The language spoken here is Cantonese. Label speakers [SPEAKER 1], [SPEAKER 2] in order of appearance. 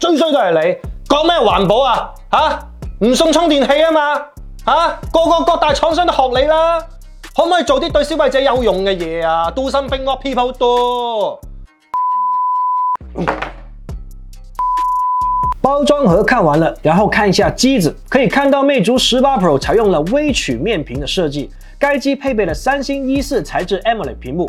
[SPEAKER 1] 最衰都係你，講咩環保啊？嚇、啊，唔送充電器啊嘛，嚇、啊，個個各大廠商都學你啦。可唔可以做啲對消費者有用嘅嘢啊？Do something what people do。包裝盒看完了，然後看一下機子，可以看到魅族18 Pro 採用了微曲面屏的設計，該機配備了三星 E4 材質 AMOLED 屏幕。